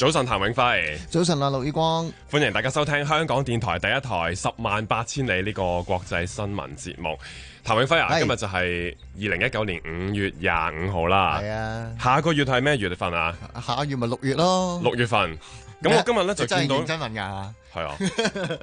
早晨，譚永輝。早晨啊，陸宇光。歡迎大家收聽香港電台第一台《十萬八千里》呢個國際新聞節目。譚永輝啊，是今日就係二零一九年五月廿五號啦。係啊。下個月係咩月份啊？下個月咪六月咯。六月份。咁我今日咧就見到認 真問噶。係 啊。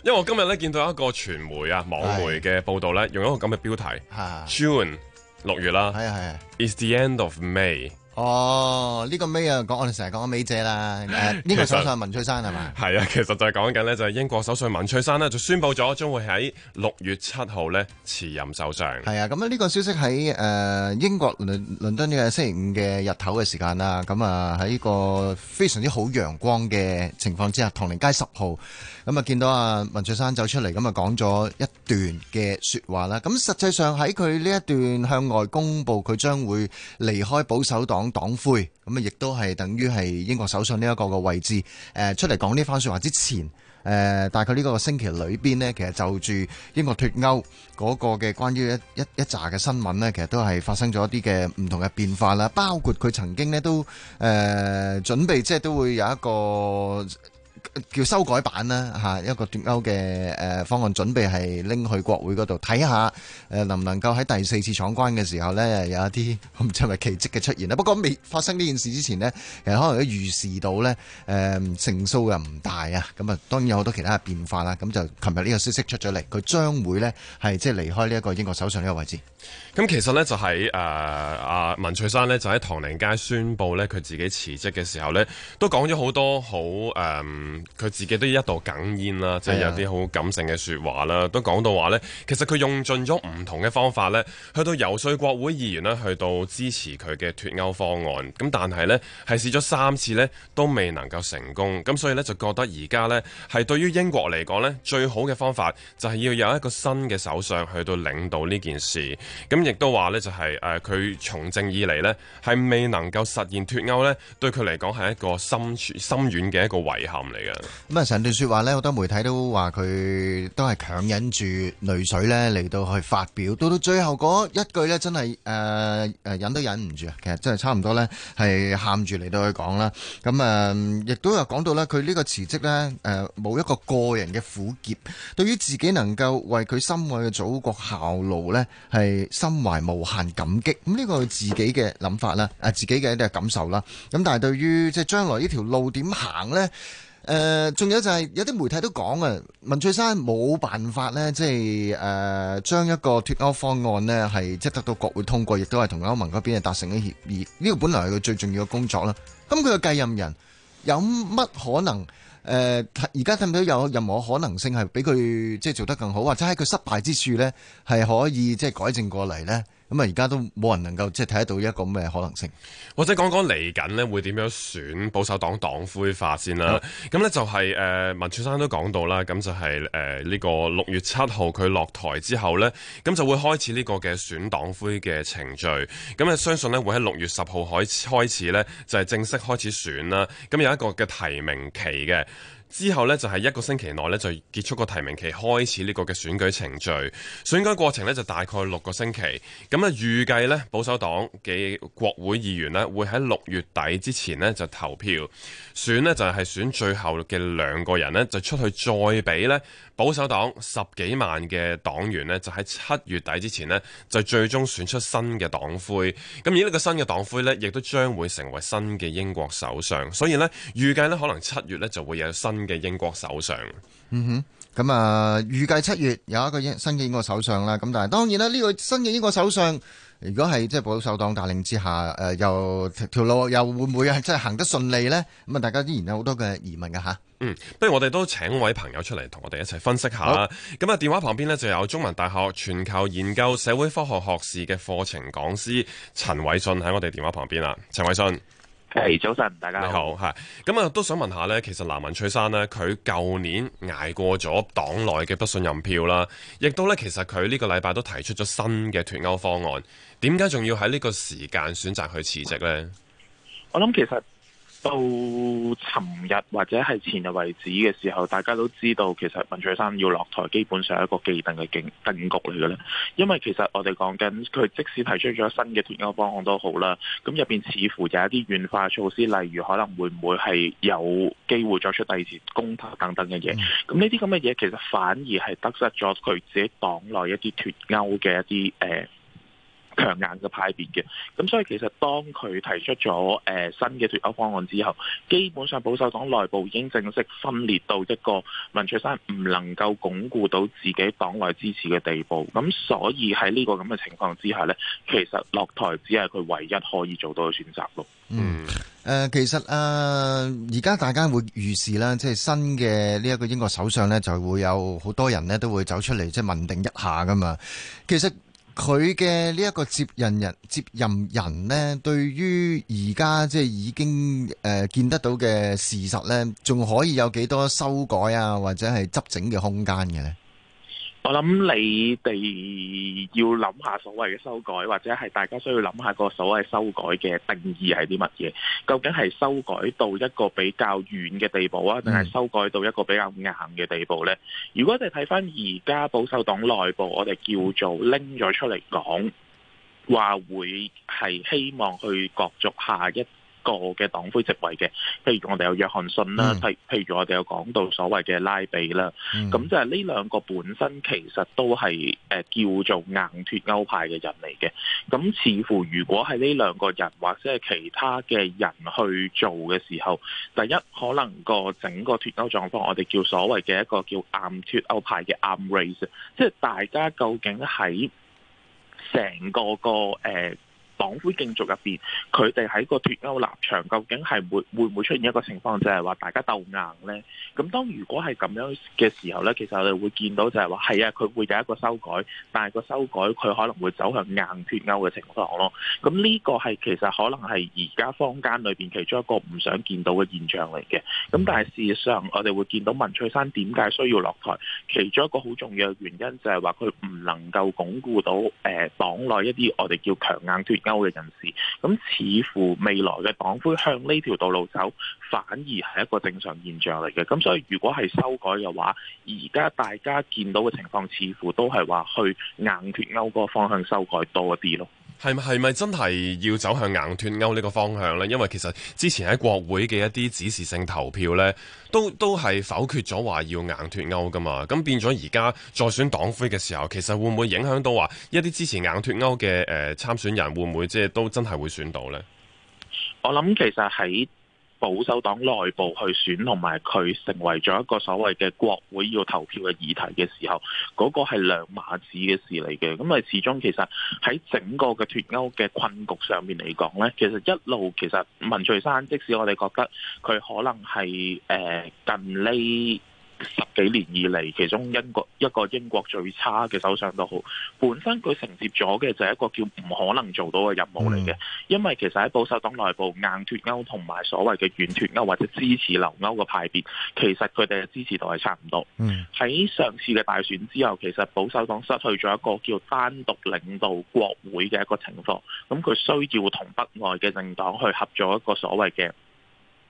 因為我今日咧見到一個傳媒啊，網媒嘅報道咧，用一個咁嘅標題。啊、June 六月啦。係啊係。Is、啊、the end of May？哦，呢、這個美啊，講我哋成日講嘅美姐啦，呢、呃、呢個首相文翠珊係咪？係啊，其實就係講緊咧，就係、是、英國首相文翠珊咧，就宣布咗將會喺六月七號咧辭任首相。係啊，咁啊，呢個消息喺誒、呃、英國倫倫敦嘅星期五嘅日頭嘅時間啦，咁啊喺呢個非常之好陽光嘅情況之下，唐寧街十號咁啊見到啊文翠珊走出嚟，咁啊講咗一段嘅說話啦。咁實際上喺佢呢一段向外公布，佢將會離開保守黨。黨魁咁啊，亦都係等於係英國首相呢一個嘅位置。誒、呃，出嚟講呢番說話之前，誒、呃，大概呢個星期裏邊呢，其實就住英國脫歐嗰個嘅關於一一一紮嘅新聞呢，其實都係發生咗一啲嘅唔同嘅變化啦。包括佢曾經呢，都、呃、誒準備，即係都會有一個。叫修改版啦，嚇一個脫歐嘅誒方案，準備係拎去國會嗰度睇下，誒能唔能夠喺第四次闖關嘅時候呢，有一啲唔知係咪奇蹟嘅出現啦。不過未發生呢件事之前呢，其實可能都預示到呢誒成數又唔大啊。咁啊，當然有好多其他嘅變化啦。咁就琴日呢個消息出咗嚟，佢將會呢係即係離開呢一個英國首相呢個位置。咁其實呢、就是，就喺誒阿文翠珊呢，就喺唐寧街宣布呢，佢自己辭職嘅時候呢，都講咗好多好誒。呃佢、嗯、自己都一度哽咽啦，即係有啲好感性嘅說話啦，Yeah. 都講到話咧，其實佢用盡咗唔同嘅方法咧，去到遊說國會議員咧，去到支持佢嘅脫歐方案，咁但係咧，係試咗三次咧，都未能夠成功，咁所以咧，就覺得而家咧，係對於英國嚟講咧，最好嘅方法就係要有一個新嘅首相去到領導呢件事，咁亦都話咧，就係誒佢從政以嚟咧，係未能夠實現脫歐咧，對佢嚟講係一個深深遠嘅一個遺憾。咁啊！成段說話咧，好多媒體都話佢都係強忍住淚水咧嚟到去發表，到到最後嗰一句咧，真係誒誒，忍都忍唔住啊！其實真係差唔多咧，係喊住嚟到去講啦。咁、嗯、啊，亦都有講到咧，佢呢個辭職咧，誒、呃，冇一個個人嘅苦澀，對於自己能夠為佢心愛嘅祖國效勞咧，係心懷無限感激。咁、這、呢個自己嘅諗法啦，啊、呃，自己嘅一啲感受啦。咁但係對於即係將來呢條路點行咧？誒，仲、呃、有就係有啲媒體都講啊，文翠珊冇辦法咧，即係誒，將、呃、一個脫歐方案呢，係即係得到國會通過，亦都係同歐盟嗰邊係達成咗協議。呢、這個本來係佢最重要嘅工作啦。咁佢嘅繼任人有乜可能？誒、呃，而家睇唔到有任何可能性係俾佢即係做得更好，或者喺佢失敗之處呢，係可以即係改正過嚟呢。咁啊，而家都冇人能夠即係睇得到一個咩可能性。或者講講嚟緊咧會點樣選保守黨黨魁化先啦。咁呢、嗯、就係、是、誒、呃、文翠珊都講到啦。咁就係誒呢個六月七號佢落台之後呢，咁就會開始呢個嘅選黨魁嘅程序。咁啊相信咧會喺六月十號開開始呢，就係正式開始選啦。咁有一個嘅提名期嘅。之後呢，就係一個星期內，呢就結束個提名期，開始呢個嘅選舉程序。選舉過程呢，就大概六個星期。咁啊預計呢，保守黨嘅國會議員呢，會喺六月底之前呢就投票選呢，就係選最後嘅兩個人呢，就出去再畀呢。保守黨十幾萬嘅黨員呢，就喺七月底之前呢，就最終選出新嘅黨魁。咁而呢個新嘅黨魁呢，亦都將會成為新嘅英國首相。所以呢，預計呢，可能七月呢就會有新嘅英國首相。嗯哼、mm。Hmm. 咁啊，預計七月有一個新嘅英國首相啦。咁但係當然啦，呢個新嘅英國首相，如果係即係保守黨帶領之下，誒、呃、又條路又會唔會係即係行得順利呢？咁啊，大家依然有好多嘅疑問㗎、啊、吓，嗯，不如我哋都請位朋友出嚟同我哋一齊分析下啦。咁啊好，電話旁邊呢就有中文大學全球研究社會科學學士嘅課程講師陳偉信喺我哋電話旁邊啦。陳偉信。誒，早晨，大家好吓。咁啊！都想問下咧，其實南文翠珊咧，佢舊年挨過咗黨內嘅不信任票啦，亦都咧，其實佢呢個禮拜都提出咗新嘅脱歐方案，點解仲要喺呢個時間選擇去辭職咧？我諗其實。到尋日或者係前日為止嘅時候，大家都知道其實文翠珊要落台，基本上係一個既定嘅定局嚟嘅咧。因為其實我哋講緊佢即使提出咗新嘅脱歐方案都好啦，咁入邊似乎有一啲軟化措施，例如可能會唔會係有機會再出第二次公投等等嘅嘢。咁呢啲咁嘅嘢其實反而係得失咗佢自己黨內一啲脱歐嘅一啲誒。呃強硬嘅派別嘅，咁所以其實當佢提出咗誒、呃、新嘅脱歐方案之後，基本上保守黨內部已經正式分裂到一個文翠珊唔能夠鞏固到自己黨內支持嘅地步，咁所以喺呢個咁嘅情況之下呢，其實落台只係佢唯一可以做到嘅選擇咯。嗯，誒、呃，其實誒，而、呃、家大家會預示啦，即係新嘅呢一個英國首相呢，就會有好多人呢都會走出嚟即係問定一下㗎嘛。其實。佢嘅呢一個接任人，接任人呢，對於而家即係已經誒、呃、見得到嘅事實呢，仲可以有幾多修改啊，或者係執整嘅空間嘅呢？我諗你哋要諗下所謂嘅修改，或者係大家需要諗下個所謂修改嘅定義係啲乜嘢？究竟係修改到一個比較遠嘅地步啊，定係修改到一個比較硬嘅地步咧？如果你睇翻而家保守黨內部，我哋叫做拎咗出嚟講，話會係希望去角逐下一。個嘅黨魁席位嘅，譬如我哋有約翰遜啦，譬、mm. 譬如我哋有講到所謂嘅拉比啦，咁即係呢兩個本身其實都係誒、呃、叫做硬脱歐派嘅人嚟嘅，咁似乎如果係呢兩個人或者係其他嘅人去做嘅時候，第一可能個整個脱歐狀況，我哋叫所謂嘅一個叫硬脱歐派嘅 arm race，即係大家究竟喺成個個誒。呃黨魁競逐入邊，佢哋喺個脱歐立場，究竟係會會唔會出現一個情況，就係話大家鬥硬呢？咁當如果係咁樣嘅時候呢，其實我哋會見到就係話，係啊，佢會有一個修改，但係個修改佢可能會走向硬脱歐嘅情況咯。咁呢個係其實可能係而家坊間裏邊其中一個唔想見到嘅現象嚟嘅。咁但係事實上，我哋會見到文翠珊點解需要落台，其中一個好重要嘅原因就係話佢唔能夠鞏固到誒、呃、黨內一啲我哋叫強硬脱。歐嘅人士，咁似乎未來嘅黨魁向呢條道路走，反而係一個正常現象嚟嘅。咁所以如果係修改嘅話，而家大家見到嘅情況，似乎都係話去硬脱歐個方向修改多一啲咯。係咪係咪真係要走向硬脱歐呢個方向呢？因為其實之前喺國會嘅一啲指示性投票呢，都都係否決咗話要硬脱歐噶嘛。咁變咗而家再選黨魁嘅時候，其實會唔會影響到話一啲支持硬脱歐嘅誒參選人會唔會即係都真係會選到呢？我諗其實喺。保守黨內部去選同埋佢成為咗一個所謂嘅國會要投票嘅議題嘅時候，嗰、那個係兩碼子嘅事嚟嘅。咁啊，始終其實喺整個嘅脱歐嘅困局上面嚟講呢，其實一路其實文翠珊即使我哋覺得佢可能係誒、呃、近呢。十幾年以嚟，其中英國一個英國最差嘅首相都好，本身佢承接咗嘅就係一個叫唔可能做到嘅任務嚟嘅，因為其實喺保守黨內部硬脱歐同埋所謂嘅軟脱歐或者支持留歐嘅派別，其實佢哋嘅支持度係差唔多。喺 上次嘅大選之後，其實保守黨失去咗一個叫單獨領導國會嘅一個情況，咁佢需要同北愛嘅政黨去合作一個所謂嘅。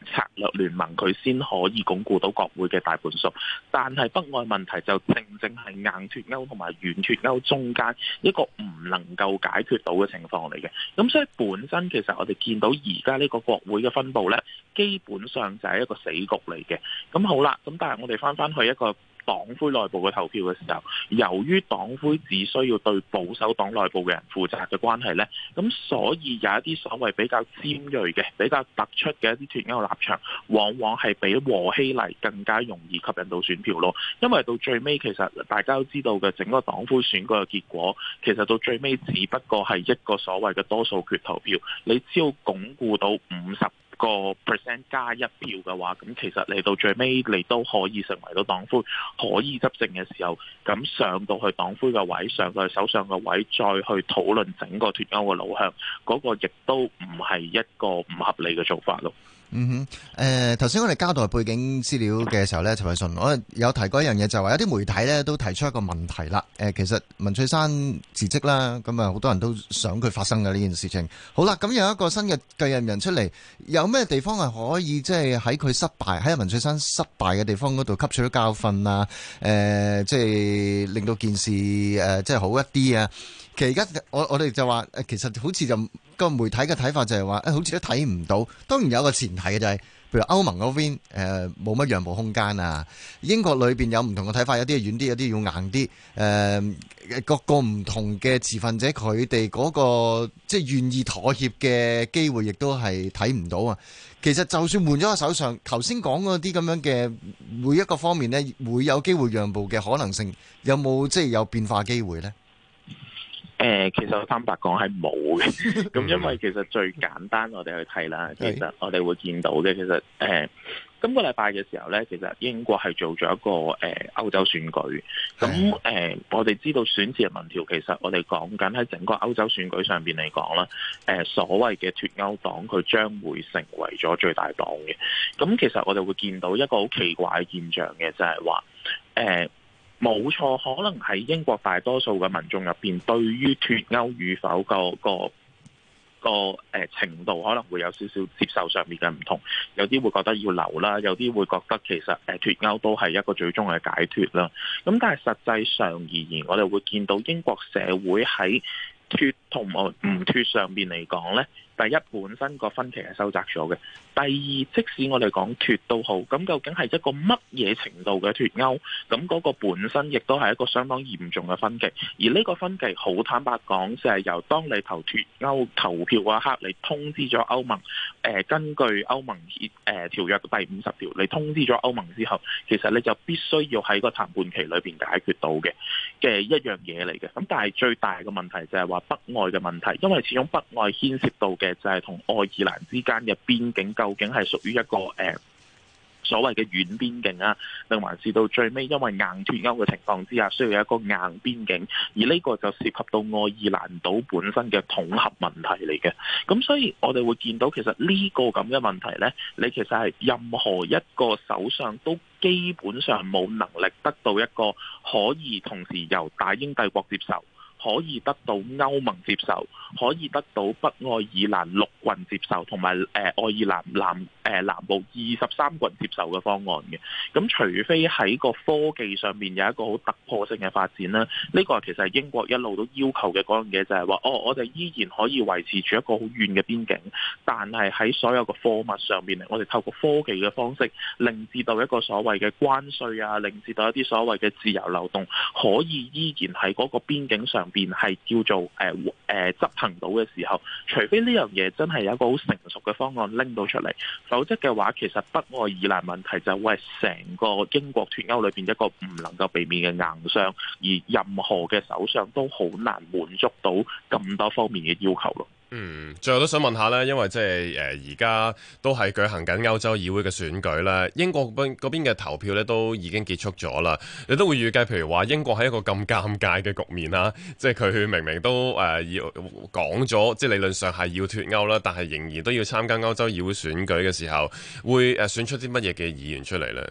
策略聯盟，佢先可以鞏固到國會嘅大半數，但係北愛問題就正正係硬脱歐同埋軟脱歐中間一個唔能夠解決到嘅情況嚟嘅。咁所以本身其實我哋見到而家呢個國會嘅分佈呢，基本上就係一個死局嚟嘅。咁好啦，咁但係我哋返返去一個。黨魁內部嘅投票嘅時候，由於黨魁只需要對保守黨內部嘅人負責嘅關係呢，咁所以有一啲所謂比較尖鋭嘅、比較突出嘅一啲脫歐嘅立場，往往係比和稀泥更加容易吸引到選票咯。因為到最尾其實大家都知道嘅整個黨魁選舉嘅結果，其實到最尾只不過係一個所謂嘅多數決投票，你只要鞏固到五十。個 percent 加一票嘅話，咁其實嚟到最尾，你都可以成為到黨魁，可以執政嘅時候，咁上到去黨魁嘅位，上到去首相嘅位，再去討論整個脱歐嘅路向，嗰個亦都唔係一個唔合理嘅做法咯。嗯哼，誒、呃，頭先我哋交代背景資料嘅時候呢，陳偉信，我有提過一樣嘢，就話、是、有啲媒體呢都提出一個問題啦。誒、呃，其實文翠珊辭職啦，咁啊，好多人都想佢發生嘅呢件事情。好啦，咁有一個新嘅繼任人出嚟，有咩地方係可以即係喺佢失敗，喺文翠珊失敗嘅地方嗰度吸取咗教訓啊？誒、呃，即係令到件事誒、呃，即係好一啲啊？其實而家我我哋就話，誒，其實好似就個媒體嘅睇法就係話，誒，好似都睇唔到。當然有個前提嘅就係、是，譬如歐盟嗰邊誒冇乜讓步空間啊。英國裏邊有唔同嘅睇法，有啲軟啲，有啲要硬啲。誒、呃，各個唔同嘅持份者，佢哋嗰個即係願意妥協嘅機會，亦都係睇唔到啊。其實就算換咗個首相，頭先講嗰啲咁樣嘅每一個方面呢，會有機會讓步嘅可能性，有冇即係有變化機會呢？誒，其實我坦白講係冇嘅，咁 因為其實最簡單我哋去睇啦 其，其實我哋會見到嘅，其實誒，今、那個禮拜嘅時候咧，其實英國係做咗一個誒歐、呃、洲選舉，咁、嗯、誒、 呃，我哋知道選戰民調，其實我哋講緊喺整個歐洲選舉上邊嚟講啦，誒、呃，所謂嘅脫歐黨，佢將會成為咗最大黨嘅，咁、嗯、其實我哋會見到一個好奇怪嘅現象嘅，就係話誒。呃冇錯，可能喺英國大多數嘅民眾入邊，對於脫歐與否、嗰個、嗰個個誒程度，可能會有少少接受上面嘅唔同。有啲會覺得要留啦，有啲會覺得其實誒脫歐都係一個最終嘅解脫啦。咁但係實際上而言，我哋會見到英國社會喺脫同埋唔脫上邊嚟講咧。第一，本身個分歧係收窄咗嘅；第二，即使我哋講脫都好，咁究竟係一個乜嘢程度嘅脫歐，咁嗰個本身亦都係一個相當嚴重嘅分歧。而呢個分歧，好坦白講就係、是、由當你投脫歐投票嗰一刻，你通知咗歐盟，誒、呃、根據歐盟協誒條約第五十條，你通知咗歐盟之後，其實你就必須要喺個談判期裏邊解決到嘅嘅一樣嘢嚟嘅。咁但係最大嘅問題就係話北愛嘅問題，因為始終北愛牽涉到嘅。就係同愛爾蘭之間嘅邊境，究竟係屬於一個誒、呃、所謂嘅軟邊境啊，定還是到最尾因為硬脫歐嘅情況之下，需要有一個硬邊境，而呢個就涉及到愛爾蘭島本身嘅統合問題嚟嘅。咁所以我哋會見到，其實呢個咁嘅問題咧，你其實係任何一個首相都基本上冇能力得到一個可以同時由大英帝國接受，可以得到歐盟接受，可以得到北愛爾蘭陸軍接受，同埋誒愛爾蘭南，誒南部二十三個人接受嘅方案嘅，咁除非喺個科技上面有一個好突破性嘅發展啦，呢個其實係英國一路都要求嘅嗰樣嘢，就係話哦，我哋依然可以維持住一個好遠嘅邊境，但係喺所有嘅貨物上邊，我哋透過科技嘅方式，令至到一個所謂嘅關稅啊，令至到一啲所謂嘅自由流動，可以依然喺嗰個邊境上邊係叫做誒誒執行到嘅時候，除非呢樣嘢真係有一個好成熟嘅方案拎到出嚟。否則嘅話，其實北愛爾蘭問題就會係成個英國脫歐裏邊一個唔能夠避免嘅硬傷，而任何嘅首相都好難滿足到咁多方面嘅要求咯。嗯，最後都想問下咧，因為即係誒，而、呃、家都係舉行緊歐洲議會嘅選舉咧，英國邊嗰邊嘅投票咧都已經結束咗啦。你都會預計，譬如話英國喺一個咁尷尬嘅局面啦、啊，即係佢明明都誒要講咗，即係理論上係要脫歐啦，但係仍然都要參加歐洲議會選舉嘅時候，會誒選出啲乜嘢嘅議員出嚟咧？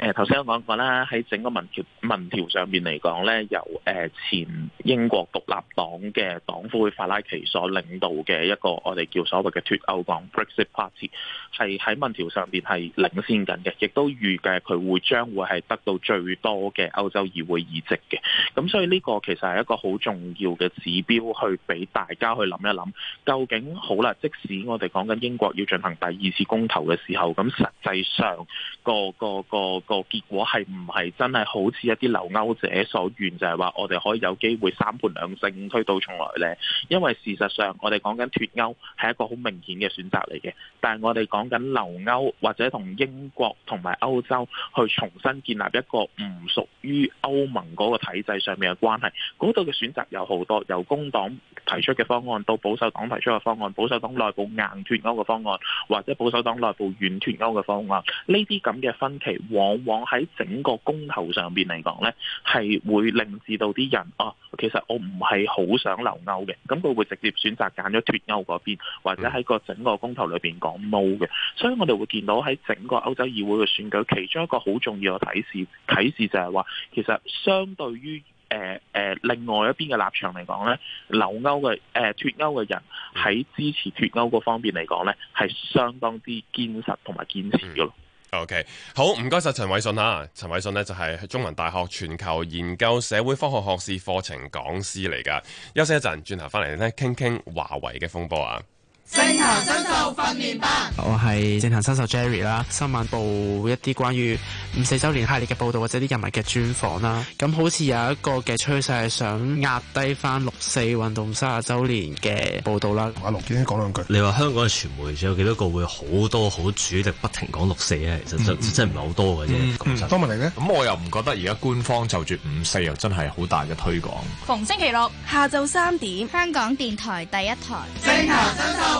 誒頭先我講過啦，喺整個民調民調上面嚟講咧，由誒前英國獨立黨嘅黨魁法拉奇所領導嘅一個我哋叫所謂嘅脫歐黨 Brexit Party，係喺民調上邊係領先緊嘅，亦都預計佢會將會係得到最多嘅歐洲議會議席嘅。咁所以呢個其實係一個好重要嘅指標，去俾大家去諗一諗，究竟好啦，即使我哋講緊英國要進行第二次公投嘅時候，咁實際上個個個個結果係唔係真係好似一啲留歐者所願，就係話我哋可以有機會三盤兩勝推倒重來咧？因為事實上我哋講緊脫歐係一個好明顯嘅選擇嚟嘅，但係我哋講緊留歐或者同英國同埋歐洲去重新建立一個唔屬於歐盟嗰個體制上面嘅關係，嗰度嘅選擇有好多，由工黨提出嘅方案到保守黨提出嘅方案，保守黨內部硬脫歐嘅方案或者保守黨內部軟脫歐嘅方案，呢啲咁嘅分歧往往喺整個公投上邊嚟講呢，係會令至到啲人啊，其實我唔係好想留歐嘅，咁佢會直接選擇揀咗脱歐嗰邊，或者喺個整個公投裏邊講 no 嘅。所以我哋會見到喺整個歐洲議會嘅選舉，其中一個好重要嘅啟示啟示就係話，其實相對於誒誒另外一邊嘅立場嚟講呢，留歐嘅誒、呃、脱歐嘅人喺支持脱歐嗰方面嚟講呢，係相當之堅實同埋堅持嘅。O、okay. K，好，唔該晒陳偉信啊，陳偉信呢就係中文大學全球研究社會科學學士課程講師嚟㗎，休息一陣，轉頭翻嚟咧傾傾華為嘅風波啊。政壇新秀訓練班，我係政壇新秀 Jerry 啦。今晚報一啲關於五四周年系列嘅報導或者啲人物嘅專訪啦。咁好似有一個嘅趨勢係想壓低返六四運動三十周年嘅報導啦。阿陸先講兩句，你話香港嘅傳媒仲有幾多個會好多好主力不停講六四咧？其實真係唔係好多嘅啫。咁多問你呢？咁我又唔覺得而家官方就住五四又真係好大嘅推廣。逢星期六下晝三點，香港電台第一台政壇新秀。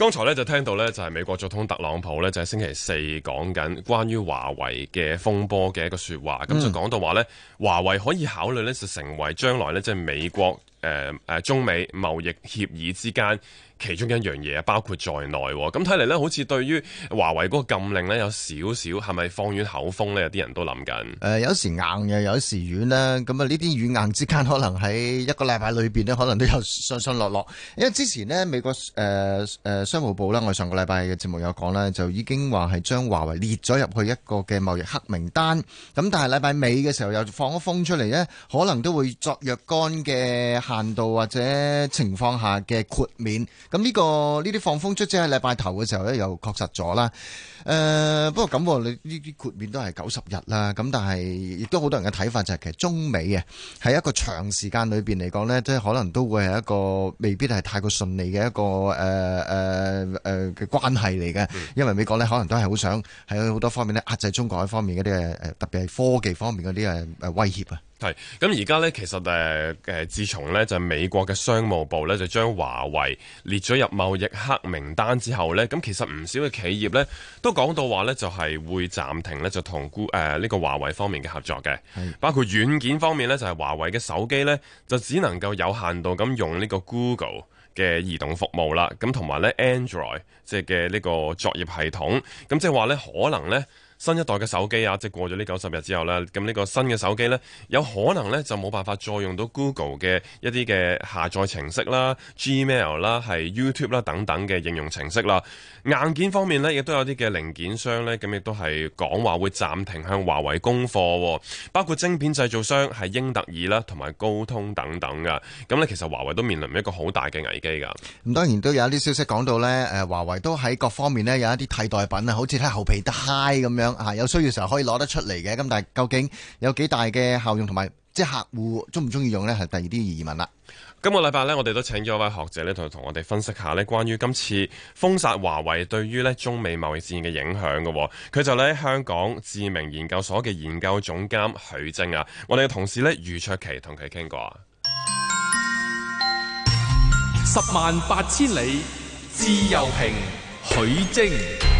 剛才咧就聽到咧就係美國總統特朗普咧就喺星期四講緊關於華為嘅風波嘅一個說話，咁、嗯、就講到話咧，華為可以考慮咧就成為將來咧即係美國誒誒、呃、中美貿易協議之間。其中一樣嘢包括在內，咁睇嚟呢，好似對於華為嗰個禁令呢，有少少係咪放軟口風呢？有啲人都諗緊。誒、呃，有時硬嘅，有時軟啦。咁、嗯、啊，呢啲軟硬之間，可能喺一個禮拜裏邊呢，可能都有上上落落。因為之前呢，美國誒誒、呃、商務部啦，我上個禮拜嘅節目有講啦，就已經話係將華為列咗入去一個嘅貿易黑名單。咁但係禮拜尾嘅時候又放咗風出嚟呢，可能都會作若干嘅限度或者情況下嘅豁免。咁呢、呢個呢啲放風出，即係禮拜頭嘅時候咧，又確實咗啦。誒、呃，不過咁你呢啲豁免都係九十日啦。咁但係亦都好多人嘅睇法就係、係、其實中美呀係一個長時間裏邊嚟講咧，即係可能都會係一個未必係太過順利嘅一個誒誒誒嘅關係嚟嘅。因為美國咧可能都係好想喺好多方面咧壓制中國嗰方面嗰啲誒誒，特別係科技方面嗰啲誒誒威脅嘅。係，咁而家咧，其實誒誒，自從咧就美國嘅商務部咧就將華為列咗入貿易黑名單之後咧，咁其實唔少嘅企業咧都講到話咧，就係會暫停咧就同誒呢個華為方面嘅合作嘅，包括軟件方面咧就係華為嘅手機咧就只能夠有限度咁用呢個 Google 嘅移動服務啦，咁同埋咧 Android 即係嘅呢個作業系統，咁即係話咧可能咧。新一代嘅手機啊，即係過咗呢九十日之後咧，咁呢個新嘅手機呢，有可能呢就冇辦法再用到 Google 嘅一啲嘅下載程式啦、Gmail 啦、係 YouTube 啦等等嘅應用程式啦。硬件方面呢，亦都有啲嘅零件商呢，咁亦都係講話會暫停向華為供貨，包括晶片製造商係英特爾啦同埋高通等等嘅。咁呢，其實華為都面臨一個好大嘅危機噶。咁當然都有一啲消息講到呢，誒華為都喺各方面呢有一啲替代品啊，好似咧後備胎咁樣。有需要時候可以攞得出嚟嘅，咁但係究竟有幾大嘅效用同埋，即係客戶鍾唔鍾意用呢？係第二啲疑問啦。今個禮拜呢，我哋都請咗一位學者呢，同同我哋分析下呢，關於今次封殺華為對於呢中美貿易戰嘅影響嘅。佢就係香港智明研究所嘅研究總監許楨啊，我哋嘅同事呢，余卓琪同佢傾過啊。十萬八千里自由評，許楨。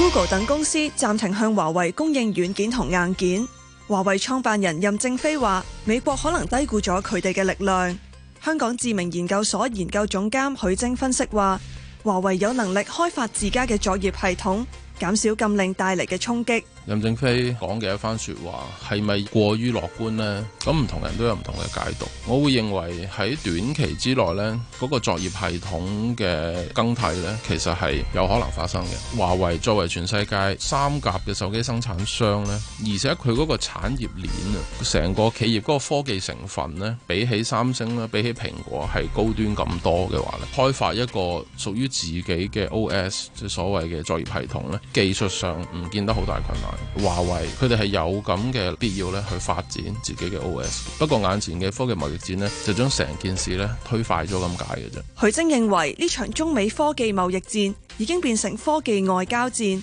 Google 等公司暫停向華為供應軟件同硬件。華為創辦人任正非話：美國可能低估咗佢哋嘅力量。香港智明研究所研究總監許楨分析話：華為有能力開發自家嘅作業系統，減少禁令帶嚟嘅衝擊。任正非講嘅一番説話係咪過於樂觀呢？咁唔同人都有唔同嘅解讀。我會認為喺短期之內呢，嗰個作業系統嘅更替呢，其實係有可能發生嘅。華為作為全世界三甲嘅手機生產商呢，而且佢嗰個產業鏈啊，成個企業嗰個科技成分呢，比起三星啦，比起蘋果係高端咁多嘅話呢，開發一個屬於自己嘅 OS，即所謂嘅作業系統呢，技術上唔見得好大困難。華為佢哋係有咁嘅必要咧，去發展自己嘅 OS。不過眼前嘅科技貿易戰咧，就將成件事咧推快咗咁解嘅啫。許楨認為呢場中美科技貿易戰已經變成科技外交戰。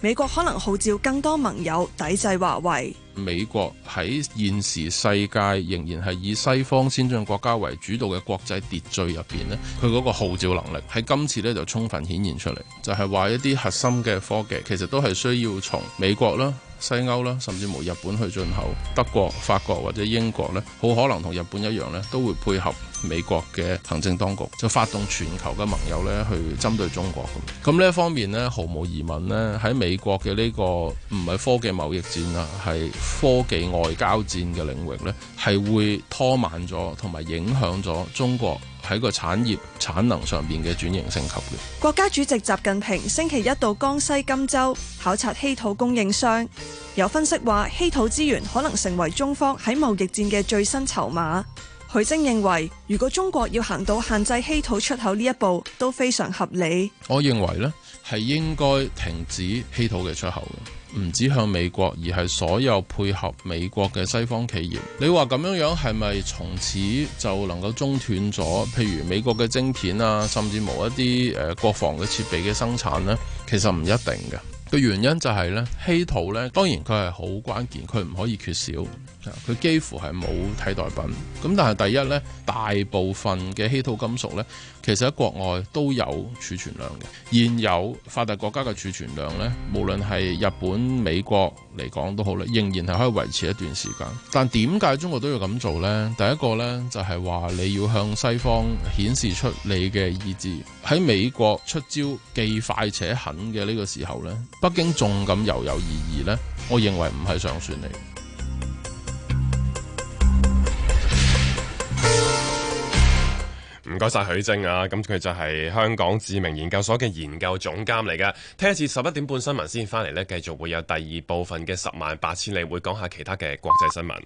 美國可能號召更多盟友抵制華為。美國喺現時世界仍然係以西方先進國家為主導嘅國際秩序入邊呢，佢嗰個號召能力喺今次咧就充分顯現出嚟，就係話一啲核心嘅科技其實都係需要從美國啦、西歐啦，甚至乎日本去進口。德國、法國或者英國呢，好可能同日本一樣呢，都會配合。美國嘅行政當局就發動全球嘅盟友咧，去針對中國咁。咁呢一方面呢，毫無疑問呢，喺美國嘅呢個唔係科技貿易戰啊，係科技外交戰嘅領域呢係會拖慢咗同埋影響咗中國喺個產業產能上邊嘅轉型升級嘅。國家主席習近平星期一到江西贛州考察稀土供應商，有分析話，稀土資源可能成為中方喺貿易戰嘅最新籌碼。許楨認為，如果中國要行到限制稀土出口呢一步都非常合理。我認為呢係應該停止稀土嘅出口，唔止向美國，而係所有配合美國嘅西方企業。你話咁樣樣係咪從此就能夠中斷咗？譬如美國嘅晶片啊，甚至冇一啲誒國防嘅設備嘅生產呢？其實唔一定嘅。個原因就係呢：稀土呢，當然佢係好關鍵，佢唔可以缺少。佢幾乎係冇替代品，咁但係第一呢，大部分嘅稀土金屬呢，其實喺國外都有儲存量嘅。現有發達國家嘅儲存量呢，無論係日本、美國嚟講都好啦，仍然係可以維持一段時間。但點解中國都要咁做呢？第一個呢，就係話你要向西方顯示出你嘅意志。喺美國出招既快且狠嘅呢個時候呢，北京仲咁猶猶豫豫呢，我認為唔係上算嚟。唔該晒許楨啊，咁佢就係香港智明研究所嘅研究總監嚟噶。聽一次十一點半新聞先翻嚟呢，繼續會有第二部分嘅十萬八千里，會講下其他嘅國際新聞。